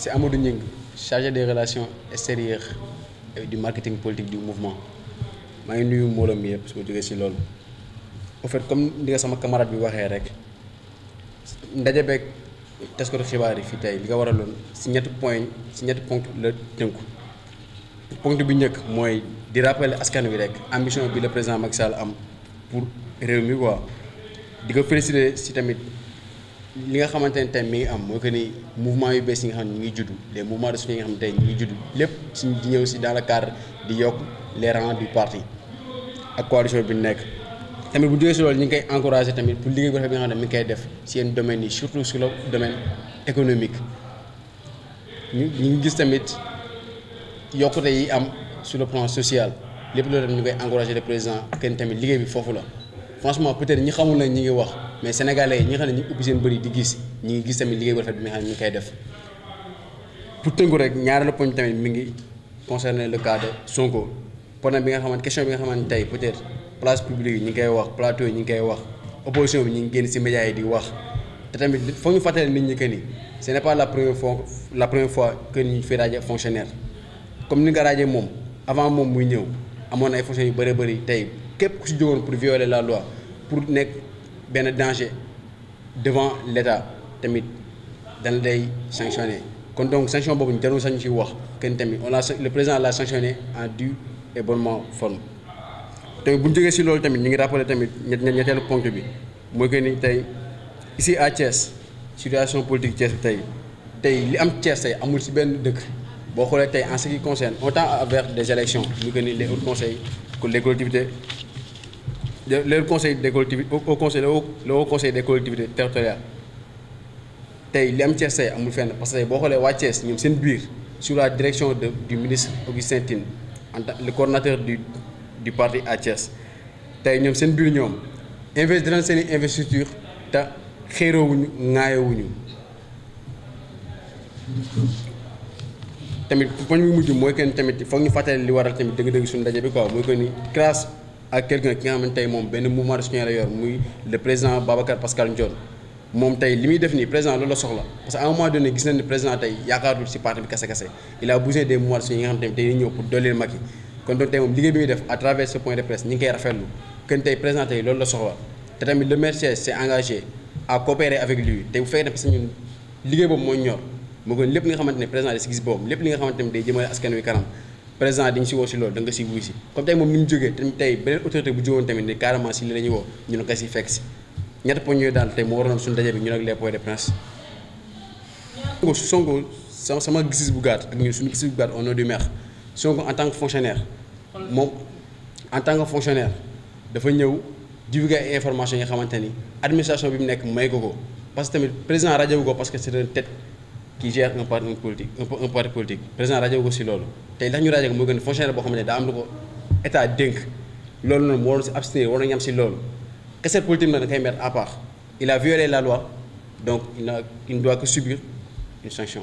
c'est Amadou Nying, chargé des relation extérieures et du marketing politique du mouvement maa ngi nuyu mbooloo mi yëpp su ma jógee si loolu. en fait comme li nga sama camarade bi waxee rek ndaje beeg taskatu xibaar yi fii tey li ko waraloon si ñetti point si ñetti ponk la tënku ponk bu njëkk mooy di rappeler askan wi rek ambition bi le président mag Sall am pour réew mi quoi di ko féliciter si tamit. li nga xamante ne tey mi ngi am mooy que ni mouvement yu bees yi nga xam ne ñu ngi juddu les mouvements de soutien yi nga xam ne tey lépp suñu di ñëw si dans le cadre di yokk les rangs du parti ak coalition bi nekk. tamit bu jógee si loolu ñu ngi koy encouragé tamit pour liggéey bu rafet bi nga koy def si yenn domaines yi surtout sur le économique ñu gis tamit yokkute yi am sur le plan social lépp loolu tamit ñu koy encouragé le président kenn tamit liggéey bi foofu la franchement peut-être ñi xamul nag ñi ngi wax. mais sénégalais yi ñi nga xam ne ñu ubbi seen bëri di gis ñi ngi gis tamit liggéey bu rafet bi nga xam ne ñu ngi koy def pour tënku rek ñaareelu poñ tamit mi ngi concerné le cas de Sonko problème bi nga xamante question bi nga xamante tey peut-être ñu ngi koy wax ñu ngi koy wax opposition bi ñu ngi génn ci médias yi di wax te tamit foog ñu fàttali nit ñi ni ce n'est pas la première fois la première fois fi rajo fonctionnaire comme ni nga rajo moom avant moom muy ñëw amoon ay fonctionnaires yu bëri bëri tey képp ku ci jógoon pour violer la loi pour nekk. benn danger devant l'État tamit dañ lay sanctionner kon donc sanction boobu ñu jarul sañ ci wax kenn tamit on a le président l'a sanctionné en du et bonnement forme bu ñu jógee si loolu tamit ñu ngi rappelé tamit ñetteelu ponk bi mooy que ni tey ici à Thiès situation politique Thiès tey tey li am Thiès tey amul si benn dëkk boo xoolee tey en ce qui concerne on tend vers des élections ñu que ni les hauts conseils que les le conseil des collectivités au conseil le haut conseil des collectivités territoriales tey li am Thiès tey amul fenn parce boo xoolee waa Thiès ñoom seen biir su la direction de du ministre Augustin Tine en tant le coordonnateur du du parti à Thiès tey ñoom seen biir ñoom investir nañ seen i investiture te xéeroowuñu ŋaayoowuñu tamit poñ bi mujj mooy tamit foog ñu fàttali li waral tamit dëgg-dëgg suñu ndaje bi quoi mooy que classe. ak quelqu'un ki nga xam ne moom benn mouvement de soutien la yor muy le président Babacar Pascal Ndione moom tey li muy def nii président loolu la soxla parce que à un moment donné gis nañ ne président tey yaakaarul si parti bi kese kese il a besoin des mouvements de soutien yi nga xam ne tey dañuy ñëw pour dooleel Macky kon donc tey moom liggéey bi muy def à travers ce point de presse ñi ngi koy rafetlu kenn tey président tey loolu la soxla te tamit le maire lépp li nga xamante ne président président dañ si woo si loolu da nga si wuy si comme tey moom ni mu jógee tamit tey beneen autorité bu jógoon tamit ne carrément si li la ñuy woo ñu ne ko si fekk si ñett poñ yooyu daal tey moo waroon suñu daje ñu nag les points de presse Sonko Sonko sama sama gis bu gàtt ak ñun suñu gis-gis bu gàtt au nom du maire Sonko en tant que fonctionnaire moom en tant que fonctionnaire dafa ñëw divulguer ay information yi nga xamante ni administration bi mu nekk may ko ko parce que tamit président rajo bu ko parce que c'est une tête qui gère un parti si loolu tey ndax ñu rajo ko moo gën fonctionnaire boo xam ne daa am lu ko état dénk loolu noonu moo doon si abstenir war nañu am si loolu recette politique nag da koy mettre à part il a violé la loi donc il n'a il ne doit subir une sanction